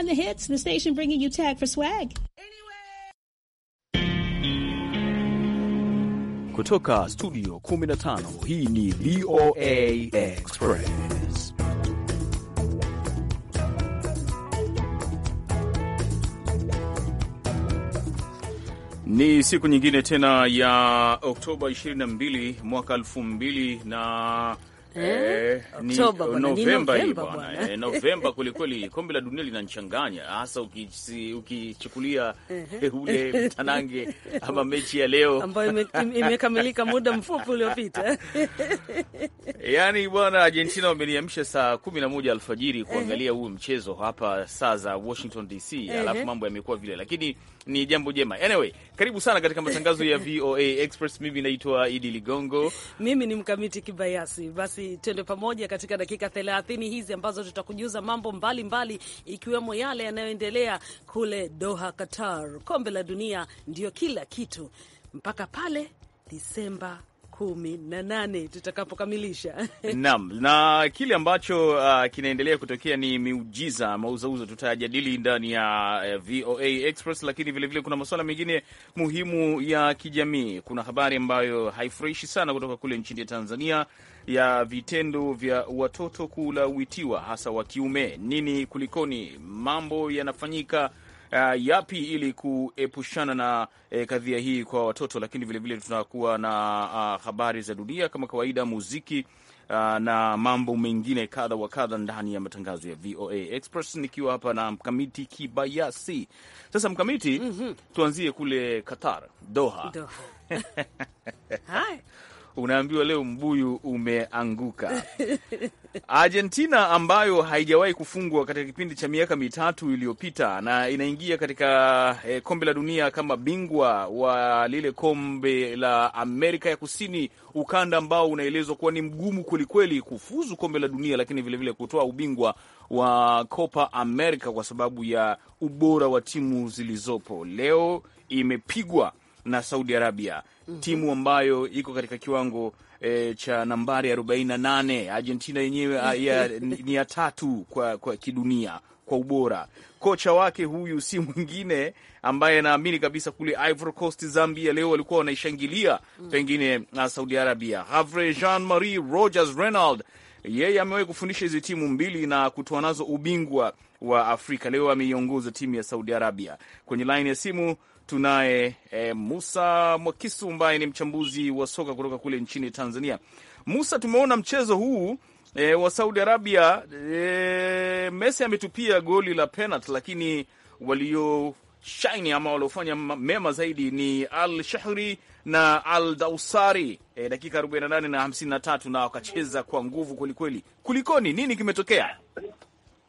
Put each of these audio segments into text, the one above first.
on the hits, the station bringing you tag for swag. Anyway. Kutoka studio 15 hii ni VOA Express. Ni siku nyingine tena ya Oktoba 22 mwaka 2000 na Eh, eh, Novemba kwelikweli. Kombe la dunia linanchanganya hasa ukichukulia uki eh, ule mtanange ama mechi ya leo ambayo imekamilika muda mfupi uliopita. Yani bwana, Argentina wameniamsha saa kumi na moja alfajiri kuangalia huu mchezo hapa saa za Washington DC, alafu mambo yamekuwa vile lakini ni jambo jema. Anyway, karibu sana katika matangazo ya VOA Express. Mimi naitwa Idi Ligongo, mimi ni mkamiti kibayasi. Basi twende pamoja katika dakika 30 hizi ambazo tutakujuza mambo mbalimbali mbali, ikiwemo yale yanayoendelea kule Doha, Qatar. Kombe la dunia ndio kila kitu mpaka pale Disemba kumi na nane tutakapokamilisha. Naam, na kile ambacho uh, kinaendelea kutokea ni miujiza mauzauzo, tutayajadili ndani ya eh, VOA Express, lakini vilevile vile kuna masuala mengine muhimu ya kijamii. Kuna habari ambayo haifurahishi sana kutoka kule nchini Tanzania ya vitendo vya watoto kulawitiwa hasa wa kiume. Nini kulikoni? Mambo yanafanyika uh, yapi ili kuepushana na uh, kadhia hii kwa watoto, lakini vilevile tunakuwa na uh, habari za dunia kama kawaida, muziki uh, na mambo mengine kadha wa kadha ndani ya matangazo ya VOA Express, nikiwa hapa na Mkamiti Kibayasi. Sasa Mkamiti, mm -hmm. tuanzie kule Qatar, Doha, Doha. unaambiwa leo mbuyu umeanguka. Argentina ambayo haijawahi kufungwa katika kipindi cha miaka mitatu iliyopita na inaingia katika eh, kombe la dunia kama bingwa wa lile kombe la Amerika ya Kusini, ukanda ambao unaelezwa kuwa ni mgumu kwelikweli kufuzu kombe la dunia, lakini vilevile kutoa ubingwa wa Copa America kwa sababu ya ubora wa timu zilizopo. Leo imepigwa na Saudi Arabia -hmm. timu ambayo iko katika kiwango e, cha nambari arobaini na nane. Argentina yenyewe ah, ya, ni ya tatu kwa, kwa kidunia kwa ubora. Kocha wake huyu si mwingine ambaye anaamini kabisa kule Ivory Coast, Zambia leo walikuwa wanaishangilia mm. pengine na ah, Saudi Arabia. Havre Jean Marie Rogers Renald yeye amewahi kufundisha hizi timu mbili na kutoa nazo ubingwa wa Afrika. Leo ameiongoza timu ya Saudi Arabia. Kwenye laini ya simu tunaye e, Musa Mwakisu ambaye ni mchambuzi wa soka kutoka kule nchini Tanzania. Musa, tumeona mchezo huu e, wa Saudi Arabia e, Messi ametupia goli la penalti, lakini walio shaini ama waliofanya mema zaidi ni Al Shahri na Al Dausari e, dakika 48 na 53, na wakacheza kwa nguvu kwelikweli. Kulikoni, nini kimetokea?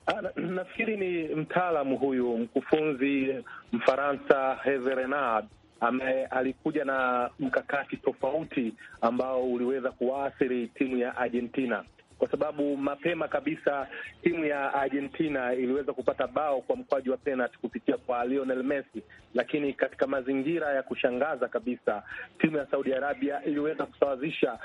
Ah, nafikiri ni mtaalamu huyu mkufunzi Mfaransa Herve Renard ambaye alikuja na mkakati tofauti ambao uliweza kuwaathiri timu ya Argentina kwa sababu mapema kabisa timu ya Argentina iliweza kupata bao kwa mkwaji wa penalti kupitia kwa Lionel Messi, lakini katika mazingira ya kushangaza kabisa timu ya Saudi Arabia iliweza kusawazisha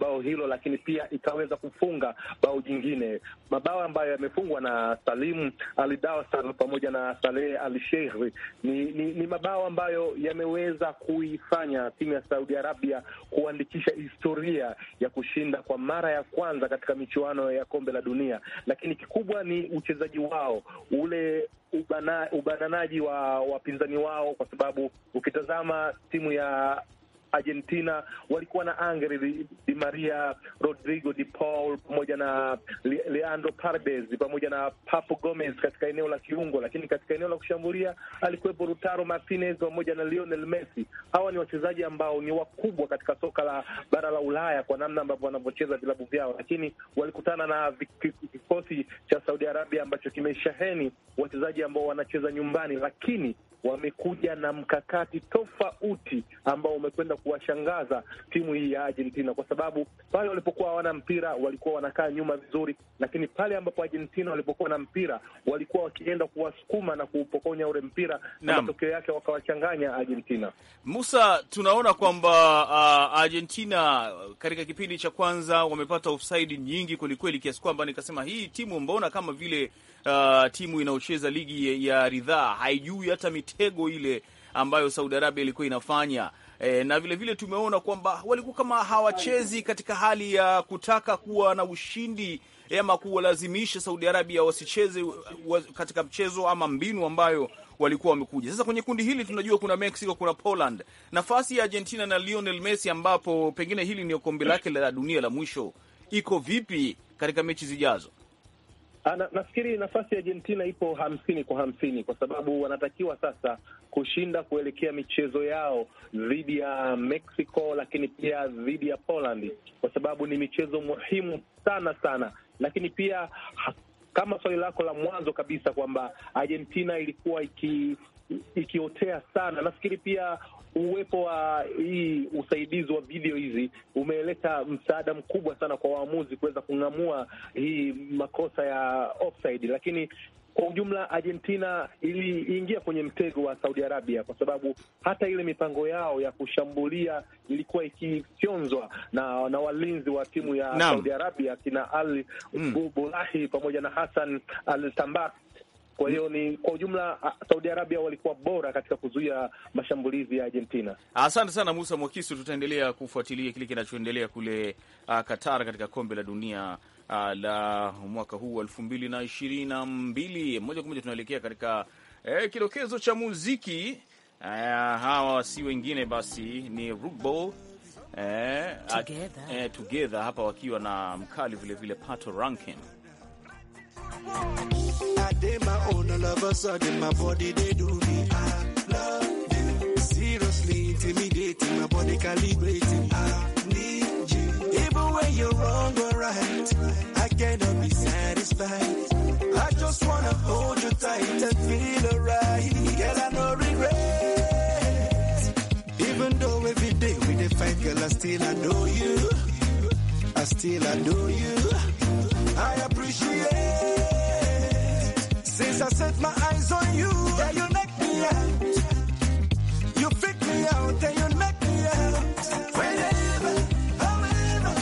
bao hilo, lakini pia ikaweza kufunga bao jingine. Mabao ambayo yamefungwa na Salim Alidawsar pamoja na Saleh Al Sheikh ni, ni, ni mabao ambayo yameweza kuifanya timu ya Saudi Arabia kuandikisha historia ya kushinda kwa mara ya kwanza kucheza katika michuano ya kombe la dunia, lakini kikubwa ni uchezaji wao ule ubana, ubananaji wa wapinzani wao, kwa sababu ukitazama timu ya Argentina walikuwa na Angel Di Maria, Rodrigo Di Paul pamoja na Leandro Paredes pamoja na Papu Gomez katika eneo la kiungo, lakini katika eneo la kushambulia alikuwepo Lautaro Martinez pamoja na Lionel Messi. Hawa ni wachezaji ambao ni wakubwa katika soka la bara la Ulaya kwa namna ambavyo wanavyocheza vilabu vyao, lakini walikutana na kikosi cha Saudi Arabia ambacho kimeshaheni wachezaji ambao wanacheza nyumbani, lakini wamekuja na mkakati tofauti ambao umekwenda kuwashangaza timu hii ya Argentina, kwa sababu pale walipokuwa hawana mpira walikuwa wanakaa nyuma vizuri, lakini pale ambapo Argentina walipokuwa na mpira walikuwa wakienda kuwasukuma na kuupokonya ule mpira, na matokeo yake wakawachanganya Argentina. Musa, tunaona kwamba uh, Argentina uh, katika kipindi cha kwanza wamepata offside nyingi kwelikweli, kiasi kwamba nikasema hii timu mbona kama vile uh, timu inayocheza ligi ya ridhaa haijui hata mitego ile ambayo Saudi Arabia ilikuwa inafanya. E, na vilevile vile tumeona kwamba walikuwa kama hawachezi katika hali ya kutaka kuwa na ushindi ama kuwalazimisha Saudi Arabia wasicheze katika mchezo ama mbinu ambayo walikuwa wamekuja. Sasa kwenye kundi hili tunajua kuna Mexico, kuna Poland, nafasi ya Argentina na Lionel Messi, ambapo pengine hili ni kombe lake la dunia la mwisho, iko vipi katika mechi zijazo? Ana, ah, nafikiri nafasi ya Argentina ipo hamsini kwa hamsini kwa sababu wanatakiwa sasa kushinda kuelekea michezo yao dhidi ya Mexico, lakini pia dhidi ya Poland kwa sababu ni michezo muhimu sana sana, lakini pia kama swali lako la mwanzo kabisa kwamba Argentina ilikuwa iki ikiotea sana, nafikiri pia uwepo wa hii usaidizi wa video hizi umeleta msaada mkubwa sana kwa waamuzi kuweza kung'amua hii makosa ya offside, lakini kwa ujumla Argentina iliingia kwenye mtego wa Saudi Arabia kwa sababu hata ile mipango yao ya kushambulia ilikuwa ikifyonzwa na na walinzi wa timu ya Saudi Arabia kina Al mm. Bulahi pamoja na Hassan Al Tambak kwa hiyo ni kwa ujumla, Saudi Arabia walikuwa bora katika kuzuia mashambulizi ya Argentina. Asante sana Musa Mwakisu, tutaendelea kufuatilia kile kinachoendelea kule uh, Qatar katika kombe la dunia uh, la mwaka huu elfu mbili na ishirini na mbili. Moja kwa moja tunaelekea katika eh, kidokezo cha muziki uh, hawa si wengine basi ni Rubo eh, together. eh, together hapa wakiwa na mkali vilevile Pato Rankin They my own, all of a sudden my body they do me. I love you. Seriously intimidating, my body calibrating. I need you. Even when you're wrong or right, I cannot be satisfied. I just wanna hold you tight and feel alright. Girl, I no regret. Even though every day we dey fight, girl, I still adore you. I still adore you. I appreciate. Since I set my eyes on you, yeah, you knock me out. You freak me out and you knock me out. Whenever, however,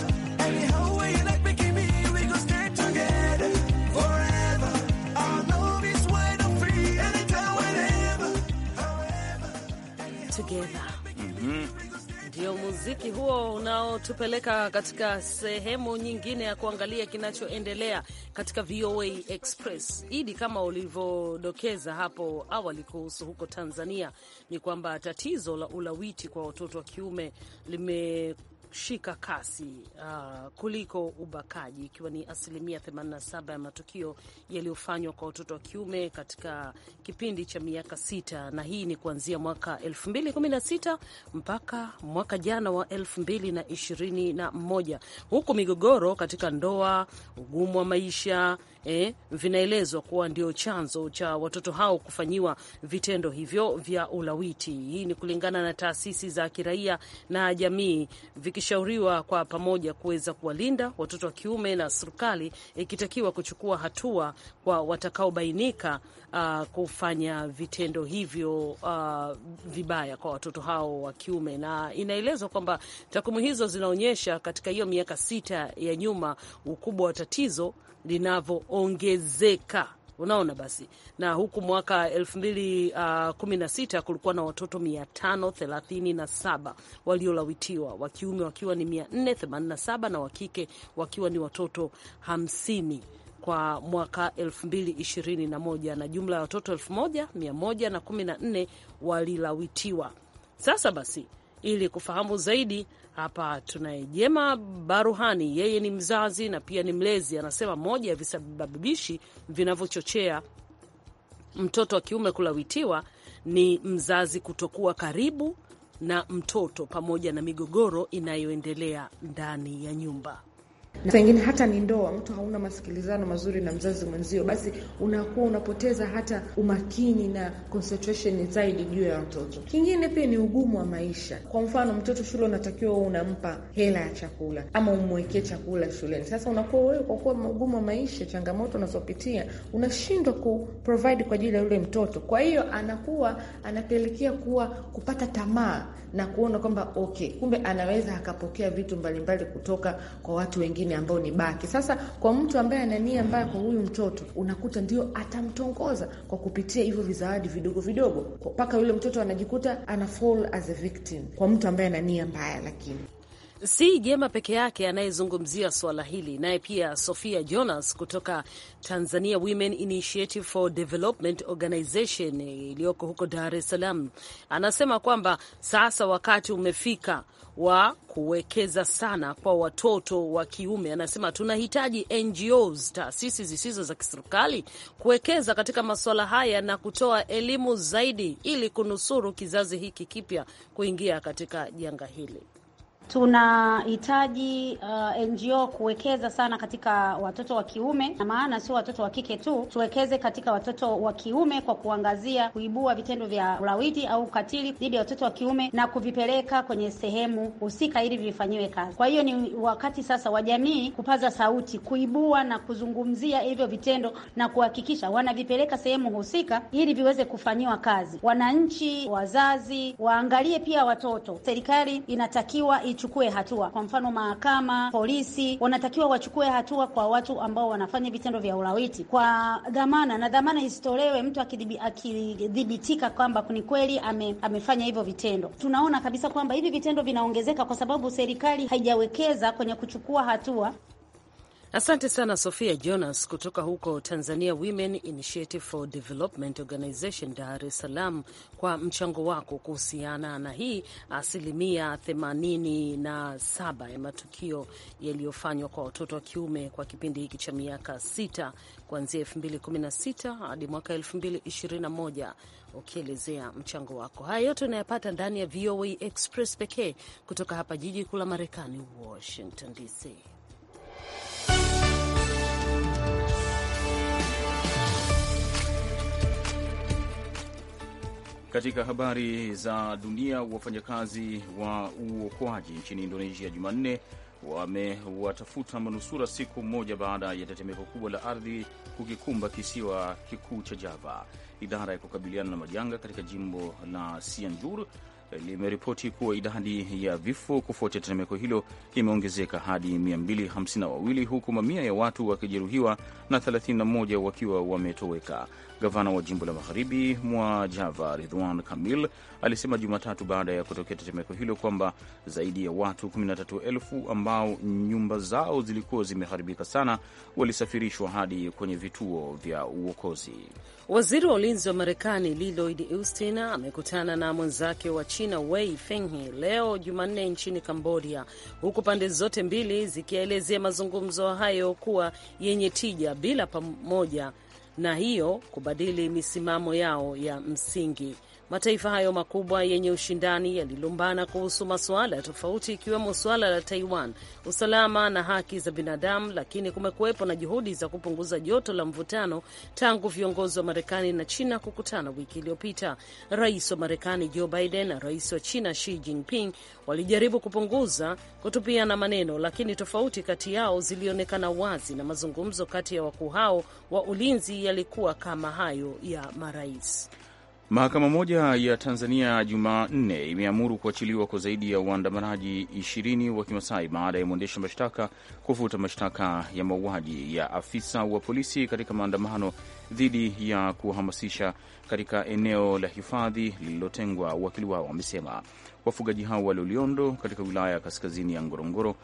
anyhow way you like making me, we gon' stay together forever. Our love is wide and free, anytime, whenever, however. Together. Mm -hmm. Ndio muziki huo unaotupeleka katika sehemu nyingine ya kuangalia kinachoendelea katika VOA Express. Idi, kama ulivyodokeza hapo awali kuhusu huko Tanzania, ni kwamba tatizo la ulawiti kwa watoto wa kiume lime kushika kasi uh, kuliko ubakaji ikiwa ni asilimia 87 ya matukio yaliyofanywa kwa watoto wa kiume katika kipindi cha miaka sita, na hii ni kuanzia mwaka 2016 mpaka mwaka jana wa 2021, huku migogoro katika ndoa, ugumu wa maisha eh, vinaelezwa kuwa ndio chanzo cha watoto hao kufanyiwa vitendo hivyo vya ulawiti. Hii ni kulingana na taasisi za kiraia na jamii vikishauriwa kwa pamoja kuweza kuwalinda watoto wa kiume na serikali ikitakiwa kuchukua hatua kwa watakaobainika uh, kufanya vitendo hivyo uh, vibaya kwa watoto hao wa kiume. Na inaelezwa kwamba takwimu hizo zinaonyesha katika hiyo miaka sita ya nyuma ukubwa wa tatizo linavyoongezeka. Unaona basi, na huku mwaka elfu mbili uh, kumi na sita kulikuwa na watoto mia tano thelathini na saba waliolawitiwa, wa kiume wakiwa ni mia nne themanini na saba na wa kike wakiwa ni watoto hamsini kwa mwaka ishirini na jumla ya watoto 1114 walilawitiwa. Sasa basi, ili kufahamu zaidi hapa tunaye Jema Baruhani, yeye ni mzazi na pia ni mlezi. Anasema moja ya visababishi vinavyochochea mtoto wa kiume kulawitiwa ni mzazi kutokuwa karibu na mtoto pamoja na migogoro inayoendelea ndani ya nyumba. Saingine hata ni ndoa, mtu hauna masikilizano mazuri na mzazi mwenzio, basi unakuwa unapoteza hata umakini na concentration zaidi juu ya watoto. Kingine pia ni ugumu wa maisha. Kwa mfano, mtoto shule unatakiwa unampa hela ya chakula ama umwekee chakula shuleni. Sasa unakuwa wewe, kwa kuwa ugumu wa maisha, changamoto unazopitia, unashindwa kuprovide kwa ajili ya yule mtoto. Kwa hiyo anakuwa anapelekea kuwa kupata tamaa na kuona kwamba okay, kumbe anaweza akapokea vitu mbalimbali mbali kutoka kwa watu wengine mwingine ambao ni baki. Sasa kwa mtu ambaye ana nia mbaya kwa huyu mtoto, unakuta ndio atamtongoza kwa kupitia hivyo vizawadi vidogo vidogo, mpaka yule mtoto anajikuta ana fall as a victim kwa mtu ambaye ana nia mbaya, lakini si Jema peke yake anayezungumzia swala hili, naye pia Sofia Jonas kutoka Tanzania Women Initiative for Development Organization iliyoko huko Dar es Salaam anasema kwamba sasa wakati umefika wa kuwekeza sana kwa watoto wa kiume. Anasema tunahitaji NGOs, taasisi zisizo za kiserikali kuwekeza katika masuala haya na kutoa elimu zaidi, ili kunusuru kizazi hiki kipya kuingia katika janga hili tunahitaji uh, NGO kuwekeza sana katika watoto wa kiume, na maana sio watoto wa kike tu, tuwekeze katika watoto wa kiume kwa kuangazia kuibua vitendo vya ulawiti au ukatili dhidi ya watoto wa kiume na kuvipeleka kwenye sehemu husika ili vifanyiwe kazi. Kwa hiyo ni wakati sasa wa jamii kupaza sauti, kuibua na kuzungumzia hivyo vitendo na kuhakikisha wanavipeleka sehemu husika ili viweze kufanyiwa kazi. Wananchi, wazazi waangalie pia watoto. Serikali inatakiwa ichukue hatua. Kwa mfano, mahakama, polisi wanatakiwa wachukue hatua kwa watu ambao wanafanya vitendo vya ulawiti kwa dhamana, na dhamana isitolewe mtu akidhibitika kwamba ni kweli ame, amefanya hivyo vitendo. Tunaona kabisa kwamba hivi vitendo vinaongezeka kwa sababu serikali haijawekeza kwenye kuchukua hatua. Asante sana Sofia Jonas kutoka huko Tanzania Women Initiative for Development Organization, Dar es Salaam, kwa mchango wako kuhusiana na hii asilimia 87 ya matukio yaliyofanywa kwa watoto wa kiume kwa kipindi hiki cha miaka 6 kuanzia 2016 hadi mwaka 2021 ukielezea mchango wako. Haya yote unayapata ndani ya VOA Express pekee kutoka hapa jiji kuu la Marekani, Washington DC. Katika habari za dunia, wafanyakazi wa uokoaji nchini Indonesia Jumanne wamewatafuta manusura siku moja baada ya tetemeko kubwa la ardhi kukikumba kisiwa kikuu cha Java. Idara ya kukabiliana na majanga katika jimbo la Sianjur limeripoti kuwa idadi ya vifo kufuatia tetemeko hilo imeongezeka hadi 252 huku mamia ya watu wakijeruhiwa na 31 wakiwa wametoweka. Gavana wa jimbo la magharibi mwa Java, Ridwan Kamil, alisema Jumatatu baada ya kutokea tetemeko hilo kwamba zaidi ya watu 13,000 ambao nyumba zao zilikuwa zimeharibika sana walisafirishwa hadi kwenye vituo vya uokozi. Waziri wa ulinzi wa Marekani Lloyd Austin amekutana na mwenzake wa China Wei Fenghe leo Jumanne nchini Kambodia, huku pande zote mbili zikielezea mazungumzo hayo kuwa yenye tija bila pamoja na hiyo kubadili misimamo yao ya msingi. Mataifa hayo makubwa yenye ushindani yalilumbana kuhusu masuala tofauti, ikiwemo suala la Taiwan, usalama na haki za binadamu, lakini kumekuwepo na juhudi za kupunguza joto la mvutano tangu viongozi wa Marekani na China kukutana wiki iliyopita. Rais wa Marekani Joe Biden na rais wa China Xi Jinping walijaribu kupunguza kutupiana maneno, lakini tofauti kati yao zilionekana wazi, na mazungumzo kati ya wakuu hao wa ulinzi yalikuwa kama hayo ya marais. Mahakama moja ya Tanzania Jumanne imeamuru kuachiliwa kwa zaidi ya waandamanaji ishirini wa Kimasai baada ya mwendesha mashtaka kufuta mashtaka ya mauaji ya afisa wa polisi katika maandamano dhidi ya kuhamasisha katika eneo la hifadhi lililotengwa. Wakili wao wamesema wafugaji hao wa Loliondo katika wilaya ya kaskazini ya Ngorongoro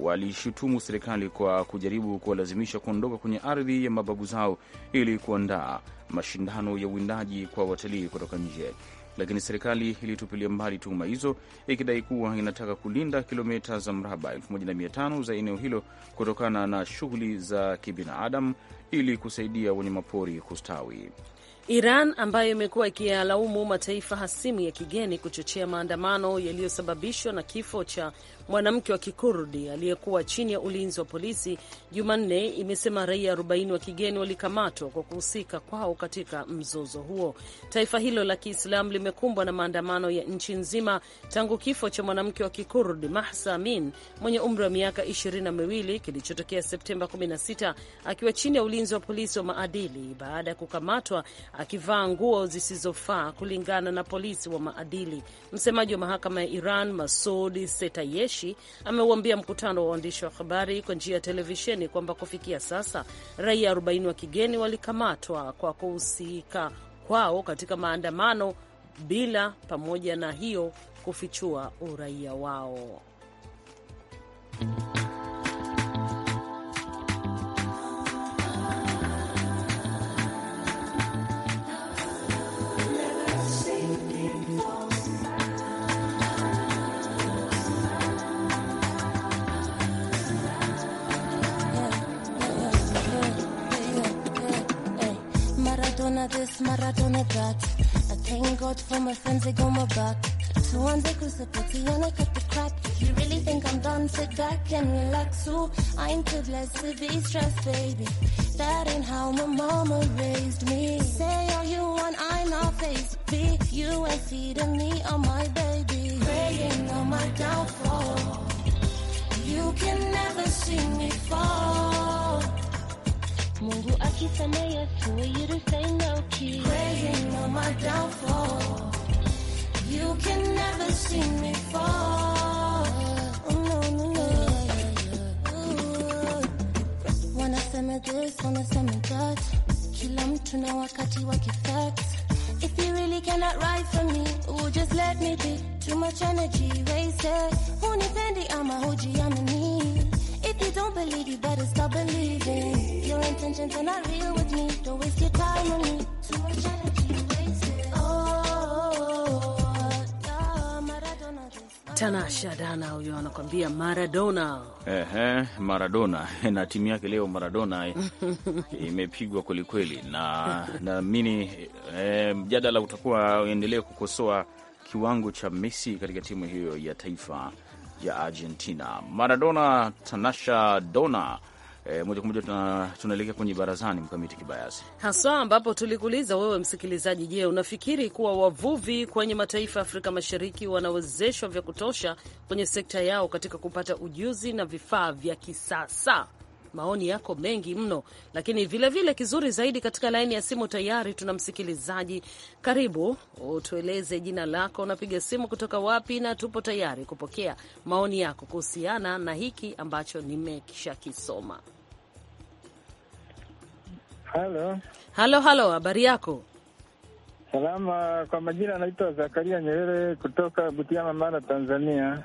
walishutumu serikali kwa kujaribu kuwalazimisha kuondoka kwenye ardhi ya mababu zao ili kuandaa mashindano ya uwindaji kwa watalii kutoka nje, lakini serikali ilitupilia mbali tuhuma hizo ikidai kuwa inataka kulinda kilomita za mraba 1500 za eneo hilo kutokana na shughuli za kibinadamu ili kusaidia wanyamapori kustawi. Iran ambayo imekuwa ikiyalaumu mataifa hasimu ya kigeni kuchochea maandamano yaliyosababishwa na kifo cha mwanamke wa Kikurdi aliyekuwa chini ya ulinzi wa polisi, Jumanne imesema raia 40 wa kigeni walikamatwa kwa kuhusika kwao katika mzozo huo. Taifa hilo la Kiislamu limekumbwa na maandamano ya nchi nzima tangu kifo cha mwanamke wa Kikurdi Mahsa Amin mwenye umri wa miaka ishirini na miwili kilichotokea Septemba 16 akiwa chini ya ulinzi wa polisi wa maadili baada ya kukamatwa akivaa nguo zisizofaa kulingana na polisi wa maadili. Msemaji wa mahakama ya Iran Masud Setayesh Hashi ameuambia mkutano wa waandishi wa habari kwa njia ya televisheni kwamba kufikia sasa raia 40 wa kigeni walikamatwa kwa kuhusika kwao katika maandamano bila pamoja na hiyo kufichua uraia wao. of this of dot. I thank God for my friends, they go my back. So on the crucifix, when I cut the crap. you really think I'm done? Sit back and relax. Ooh, I ain't too blessed to be stressed, baby. That ain't how my mama raised me. Say all you want, I'm not faced. Be you and see me on my baby. Praying on my downfall. You can never see me fall. Mungu akifanya Yesu you'll say no key. Praying on my downfall. You can never see me fall. Oh, no, no, no. Wanna send me this, wanna send me that. Kila mtu na wakati wake facts. If you really cannot ride for me, oh just let me be. Too much energy wasted. Hunipendi ama hujiamini you don't believe, you better stop believing. Your intentions are not real with me. Don't waste your time on me. Too much energy oh, Maradona. Tanasha Dana huyo anakwambia Maradona. Ehe, Maradona na timu yake leo Maradona eh, imepigwa kwelikweli, na naamini e, eh, mjadala utakuwa uendelee kukosoa kiwango cha Messi katika timu hiyo ya taifa ya Argentina. Maradona Tanasha Dona. E, moja kwa moja tunaelekea kwenye barazani mkamiti kibayasi haswa, ambapo tulikuuliza wewe msikilizaji, je, unafikiri kuwa wavuvi kwenye mataifa ya Afrika Mashariki wanawezeshwa vya kutosha kwenye sekta yao katika kupata ujuzi na vifaa vya kisasa? maoni yako mengi mno, lakini vilevile vile kizuri zaidi, katika laini ya simu tayari tuna msikilizaji. Karibu, utueleze jina lako, unapiga simu kutoka wapi, na tupo tayari kupokea maoni yako kuhusiana na hiki ambacho nimeshakisoma. Halo, halo, halo, habari yako? Salama. Kwa majina anaitwa Zakaria Nyerere kutoka Butiama, Mara, Tanzania.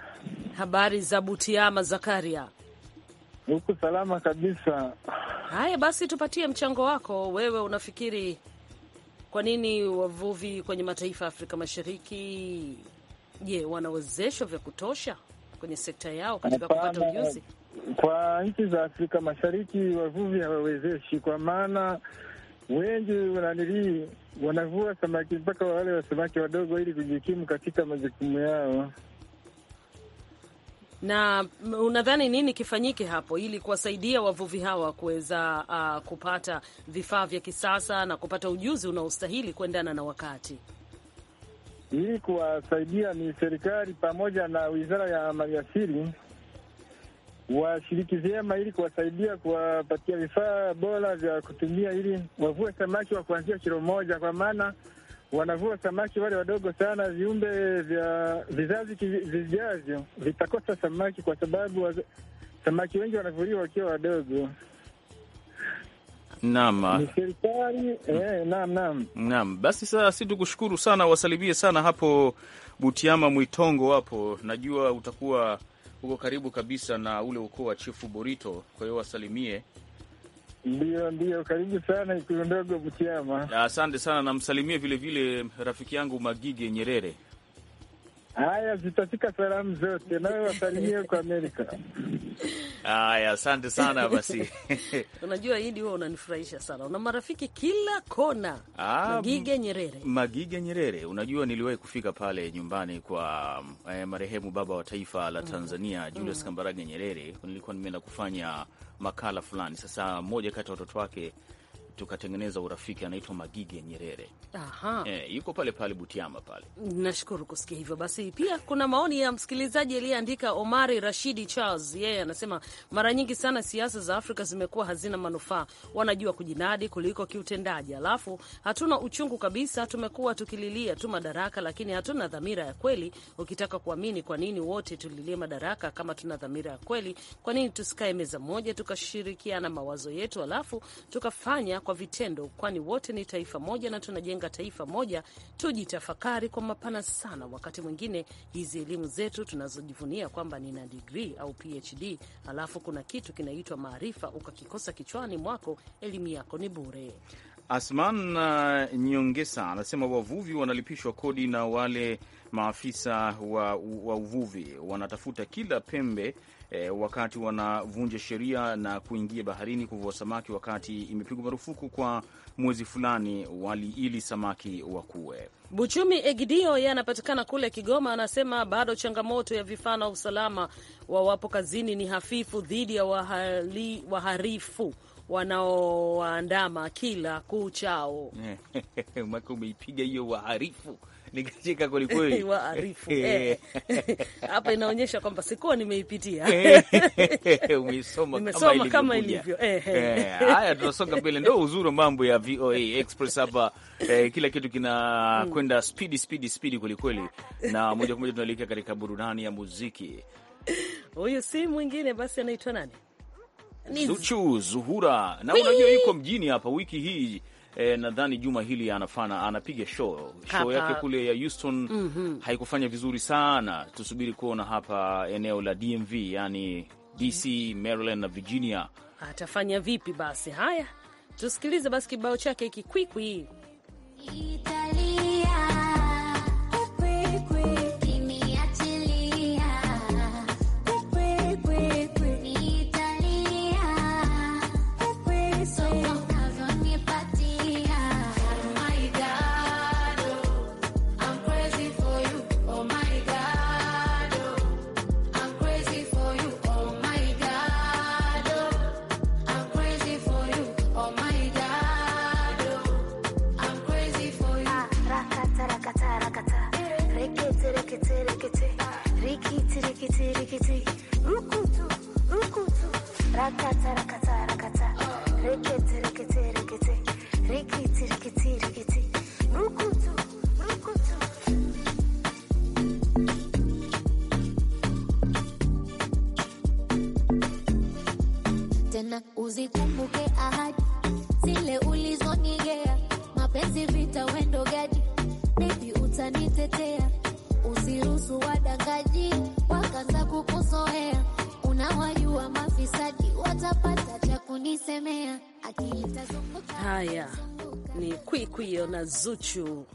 Habari za Butiama, Zakaria? Huku salama kabisa. Haya basi, tupatie mchango wako. Wewe unafikiri kwa nini wavuvi kwenye mataifa ya Afrika Mashariki, je, wanawezeshwa vya kutosha kwenye sekta yao katika kupata ujuzi? Kwa nchi za Afrika Mashariki wavuvi hawawezeshi, kwa maana wengi wananilii wanavua samaki mpaka wale wa samaki wadogo ili kujikimu katika majukumu yao. Na unadhani nini kifanyike hapo ili kuwasaidia wavuvi hawa kuweza uh, kupata vifaa vya kisasa na kupata ujuzi unaostahili kuendana na wakati? Ili kuwasaidia ni serikali pamoja na wizara ya maliasili washiriki vyema, ili kuwasaidia kuwapatia vifaa bora vya kutumia ili wavue samaki wa kuanzia kilo moja, kwa maana wanavua samaki wale wadogo sana. Viumbe vya vizazi vijavyo vitakosa samaki kwa sababu waz... samaki wengi wanavuliwa wakiwa wadogo. Naam, eh, naam, naam. Naam, basi sasa si tukushukuru sana, wasalimie sana hapo Butiama Mwitongo hapo, najua utakuwa uko karibu kabisa na ule ukoo wa Chifu Borito, kwa hiyo wasalimie ndio, ndio, karibu sana Ikulu ndogo Butiama. Asante sana, namsalimie vilevile rafiki yangu Magige Nyerere. Haya, zitafika salamu zote, nawe wasalimie kwa Amerika. Haya, asante sana basi. Unajua Idi, huwa unanifurahisha sana, una marafiki kila kona. Aa, ah, Magige Nyerere, Magige Nyerere. Unajua niliwahi kufika pale nyumbani kwa eh, marehemu baba wa taifa la mm. Tanzania mm. Julius mm. Kambarage Nyerere. Nilikuwa nimeenda kufanya makala fulani. Sasa mmoja kati ya watoto wake tukatengeneza urafiki, anaitwa Magige Nyerere. Aha. E, yuko pale pale Butiama pale. Nashukuru kusikia hivyo. Basi pia kuna maoni ya msikilizaji aliyeandika Omari Rashidi Charles, yeye yeah, anasema mara nyingi sana siasa za Afrika zimekuwa hazina manufaa, wanajua kujinadi kuliko kiutendaji, alafu hatuna uchungu kabisa, tumekuwa tukililia tu madaraka, lakini hatuna dhamira ya kweli. Ukitaka kuamini, kwa nini wote tulilie madaraka kama tuna dhamira ya kweli? Kwa nini tusikae meza moja tukashirikiana mawazo yetu alafu tukafanya kwa vitendo, kwani wote ni taifa moja na tunajenga taifa moja. Tujitafakari kwa mapana sana. Wakati mwingine hizi elimu zetu tunazojivunia kwamba nina digrii au PhD, alafu kuna kitu kinaitwa maarifa ukakikosa kichwani mwako, elimu yako ni bure. Asman uh, Nyongesa anasema wavuvi wanalipishwa kodi na wale maafisa wa, wa uvuvi wanatafuta kila pembe e, wakati wanavunja sheria na kuingia baharini kuvua samaki, wakati imepigwa marufuku kwa mwezi fulani, wali ili samaki wakue. Buchumi Egidio yeye anapatikana kule Kigoma, anasema bado changamoto ya vifaa na usalama wawapo kazini ni hafifu dhidi ya wahali, waharifu wanaoandama kila kuchao. Umeipiga hiyo waharifu nikacheka kwelikweli. Waarifu eh. hapa inaonyesha kwamba sikuwa nimeipitia, nimesoma kama ilivyo. Eh, eh. Haya, tunasonga mbele, ndo uzuri mambo ya VOA Express hapa eh, kila kitu kinakwenda hmm. spidi spidi spidi kwelikweli, na moja kwa moja tunaelekea katika burudani ya muziki. Huyu si mwingine basi, anaitwa nani? Zuchu Zuhura, na unajua yuko mjini hapa wiki hii eh, nadhani juma hili anafana anapiga show show yake kule ya Houston mm -hmm. haikufanya vizuri sana, tusubiri kuona hapa eneo la DMV yani DC, Maryland na Virginia atafanya vipi? Basi haya tusikilize basi kibao chake kikwikwi Italia unanitetea, usiruhusu wadangaji wakaanza kukuzoea. Unawajua mafisadi watapata cha kunisemea. Haya ni kwikwio na Zuchu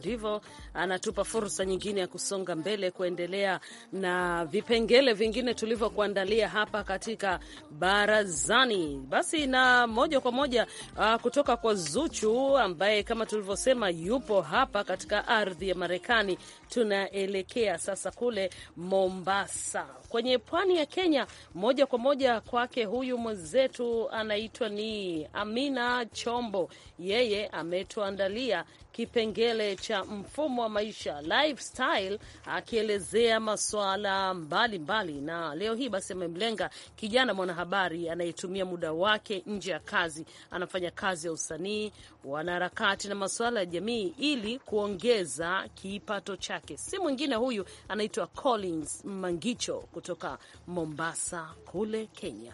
ndivyo anatupa fursa nyingine ya kusonga mbele, kuendelea na vipengele vingine tulivyokuandalia hapa katika barazani. Basi na moja kwa moja uh, kutoka kwa Zuchu ambaye kama tulivyosema yupo hapa katika ardhi ya Marekani. Tunaelekea sasa kule Mombasa kwenye pwani ya Kenya, moja kwa moja kwake huyu mwenzetu anaitwa ni Amina Chombo, yeye ametuandalia kipengele cha mfumo wa maisha lifestyle, akielezea masuala mbalimbali. Na leo hii basi amemlenga kijana mwanahabari anayetumia muda wake nje ya kazi, anafanya kazi ya usanii, wanaharakati na masuala ya jamii ili kuongeza kipato chake. Si mwingine huyu, anaitwa Collins Mangicho kutoka Mombasa kule Kenya.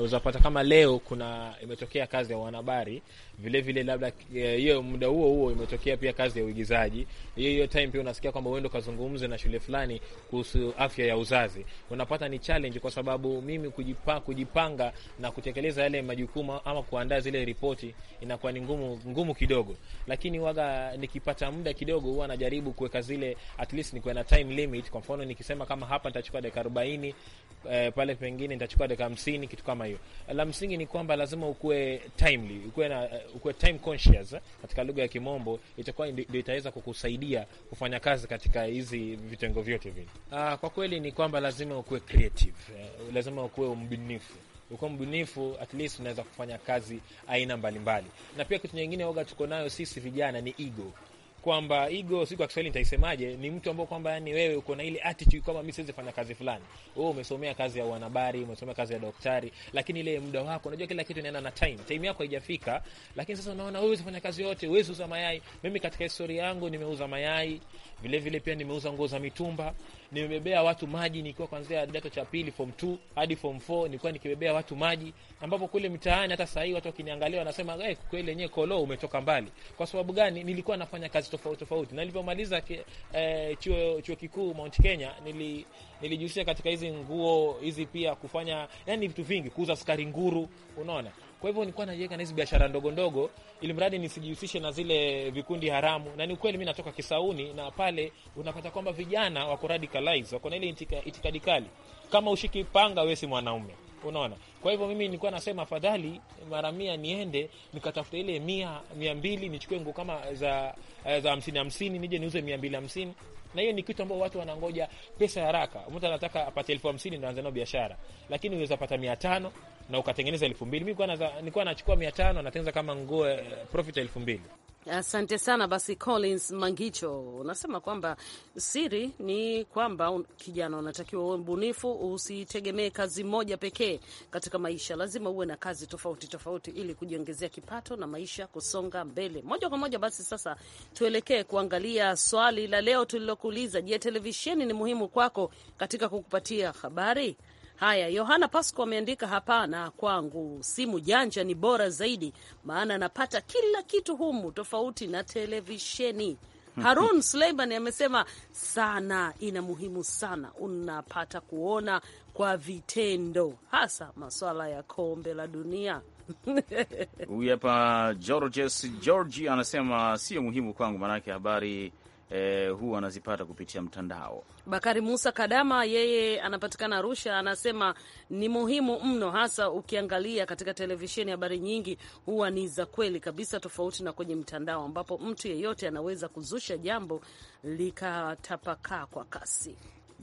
Uzapata kama leo kuna imetokea kazi ya wanahabari vile vile labda eh, hiyo uh, muda huo huo imetokea pia kazi ya uigizaji. Hiyo hiyo time pia unasikia kwamba uende ukazungumze na shule fulani kuhusu afya ya uzazi. Unapata ni challenge, kwa sababu mimi kujipa, kujipanga na kutekeleza yale majukumu ama kuandaa zile ripoti inakuwa ni ngumu, ngumu kidogo, lakini waga nikipata muda kidogo huwa najaribu kuweka zile at least nikuwe na time limit. Kwa mfano nikisema kama hapa nitachukua dakika 40 eh, pale pengine nitachukua dakika 50 kitu kama hiyo. La msingi ni kwamba lazima ukue timely, ukue na eh, ukuwe time conscious eh, katika lugha ya Kimombo, itakuwa ndio itaweza kukusaidia kufanya kazi katika hizi vitengo vyote vile. Ah, kwa kweli ni kwamba lazima ukuwe creative, eh, lazima ukuwe mbunifu uko mbunifu at least unaweza kufanya kazi aina mbalimbali mbali. Na pia kitu nyingine oga tuko nayo sisi vijana ni ego kwamba ego siku ya Kiswahili nitaisemaje, ni mtu ambao kwamba yani wewe uko na ile attitude kwamba mimi siwezi fanya kazi fulani. Wewe umesomea kazi ya uanahabari, umesomea kazi ya daktari, lakini ile muda wako unajua kila kitu inaenda na time. Time yako haijafika, lakini sasa unaona wewe huwezi fanya kazi yote, huwezi uza mayai. Mimi katika historia yangu nimeuza mayai, vile vile pia nimeuza nguo za mitumba nimebebea watu maji nikiwa kwanzia kidato cha pili form 2 hadi form 4 nilikuwa nikibebea watu maji, ambapo kule mtaani hata sahii watu wakiniangalia wanasema hey, eh, kweli yenyewe kolo umetoka mbali. Kwa sababu gani? Nilikuwa nafanya kazi tofauti tofauti, na nilivyomaliza eh, chuo chuo kikuu Mount Kenya nili nilijihusisha katika hizi nguo hizi pia kufanya, yani vitu vingi, kuuza sukari nguru, unaona kwa hivyo nilikuwa najiweka na hizi biashara ndogo ndogo, ili mradi nisijihusishe na zile vikundi haramu. Na ni kweli mimi natoka Kisauni, na pale unapata kwamba vijana wako radicalize, wako na ile itikadi kali, kama ushiki panga wewe si mwanaume, unaona. Kwa hivyo mimi nilikuwa nasema afadhali mara mia niende nikatafuta ile mia mia mbili nichukue nguo kama za eh, za hamsini hamsini nije niuze mia mbili hamsini na hiyo ni kitu ambayo watu wanangoja pesa haraka. Mtu anataka apate elfu hamsini ndo aanze nayo biashara, lakini unaweza pata mia tano na ukatengeneza elfu mbili mi nilikuwa nachukua mia tano natengeneza kama nguo eh, profit elfu mbili Asante sana. Basi Collins Mangicho, unasema kwamba siri ni kwamba kijana unatakiwa uwe mbunifu, usitegemee kazi moja pekee katika maisha. Lazima uwe na kazi tofauti tofauti ili kujiongezea kipato na maisha kusonga mbele moja kwa moja. Basi sasa tuelekee kuangalia swali la leo tulilokuuliza. Je, televisheni ni muhimu kwako katika kukupatia habari? Haya, Yohana Pasco ameandika hapana, kwangu simu janja ni bora zaidi, maana napata kila kitu humu, tofauti na televisheni. Harun Suleiman amesema sana, ina muhimu sana, unapata kuona kwa vitendo, hasa masuala ya kombe la dunia. Huyu hapa Georges Georgi anasema sio muhimu kwangu, maanake habari eh, huwa anazipata kupitia mtandao. Bakari Musa Kadama yeye anapatikana Arusha, anasema ni muhimu mno, hasa ukiangalia katika televisheni habari nyingi huwa ni za kweli kabisa, tofauti na kwenye mtandao ambapo mtu yeyote anaweza kuzusha jambo likatapakaa kwa kasi.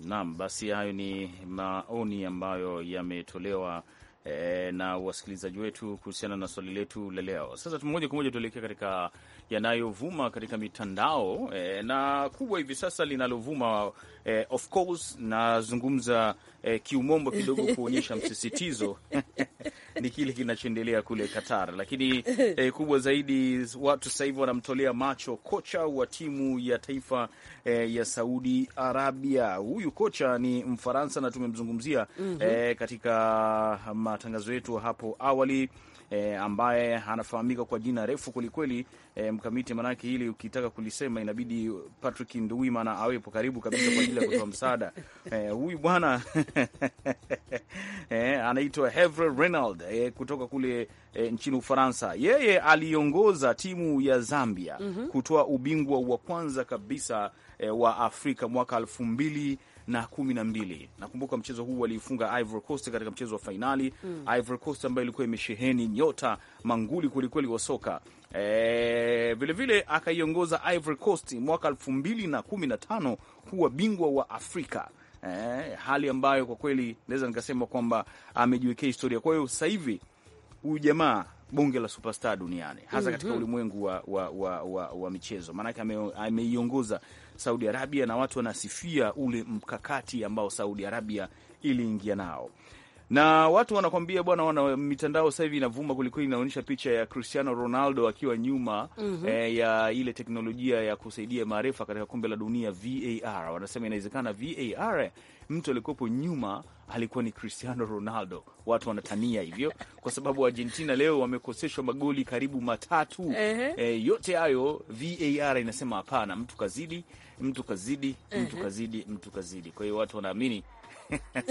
Naam, basi hayo ni maoni ambayo yametolewa e, na wasikilizaji wetu kuhusiana na swali letu la leo. Sasa moja kwa moja tuelekea katika yanayovuma katika mitandao e, na kubwa hivi sasa linalovuma e, of course nazungumza eh, kiumombo kidogo kuonyesha msisitizo ni kile kinachoendelea kule Qatar, lakini eh, kubwa zaidi watu sasa hivi wanamtolea macho kocha wa timu ya taifa eh, ya Saudi Arabia. Huyu kocha ni Mfaransa na tumemzungumzia mm -hmm. eh, katika matangazo yetu hapo awali e, ambaye anafahamika kwa jina refu kwelikweli e, mkamiti manake, hili ukitaka kulisema inabidi Patrick Nduwimana awepo karibu kabisa kwa ajili ya kutoa msaada e, huyu bwana e, anaitwa Herve Renald e, kutoka kule e, nchini Ufaransa. Yeye aliongoza timu ya Zambia mm -hmm. kutoa ubingwa wa kwanza kabisa e, wa Afrika mwaka elfu mbili na kumi na mbili. Nakumbuka mchezo huu waliifunga Ivory Coast katika mchezo wa fainali mm. Ivory Coast ambayo ilikuwa imesheheni nyota manguli kwelikweli wa soka e, vilevile akaiongoza Ivory Coast mwaka elfu mbili na kumi na tano kuwa bingwa wa Afrika. E, hali ambayo kwa kweli naweza nikasema kwamba amejiwekea historia. Kwa hiyo sasa hivi huyu jamaa bunge la superstar duniani hasa mm -hmm. katika mhm. ulimwengu wa, wa, wa, wa, wa michezo, maanake ameiongoza Saudi Arabia na watu wanasifia ule mkakati ambao Saudi Arabia iliingia nao na watu wanakwambia bwana, wana mitandao sasa hivi inavuma kwelikweli, inaonyesha picha ya Cristiano Ronaldo akiwa nyuma mm -hmm. eh, ya ile teknolojia ya kusaidia maarifa katika kombe la dunia VAR. Wanasema inawezekana VAR eh, mtu alikuwepo nyuma alikuwa ni Cristiano Ronaldo. Watu wanatania hivyo kwa sababu Argentina leo wamekoseshwa magoli karibu matatu. E, yote hayo VAR inasema hapana, mtu kazidi, mtu kazidi, mtu kazidi, mtu kazidi. Kwa hiyo watu wanaamini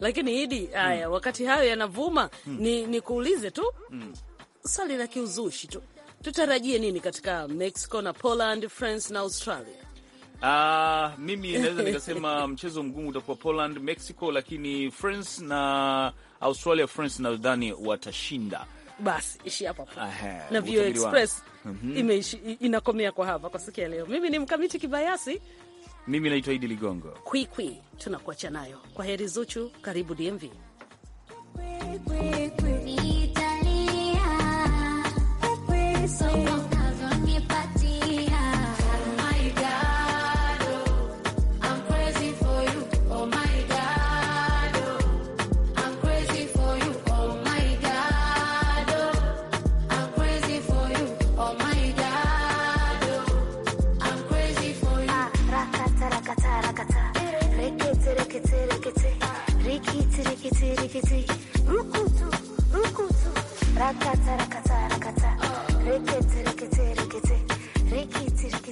lakini Idi, haya mm. wakati hayo yanavuma mm. ni, ni kuulize tu mm. swali la kiuzushi tu, tutarajie nini katika Mexico na Poland, France na Australia? Uh, mimi naweza nikasema mchezo mgumu utakuwa Poland Mexico, lakini France na Australia, France nadhani watashinda. Basi ishi hapa na Vio Express mhm. Imeishi, inakomea kwa hapa kwa siku ya leo. Mimi ni mkamiti kibayasi, mimi naitwa Idi Ligongo. Kwikwi tunakuacha nayo, kwa heri. Zuchu, karibu DMV kwi, kwi, kwi. Rikiti, Mkutu, Mkutu, Rakata, Rakata, Rakata, Rikiti, Rikiti, Rikiti, Rikiti, Rikiti.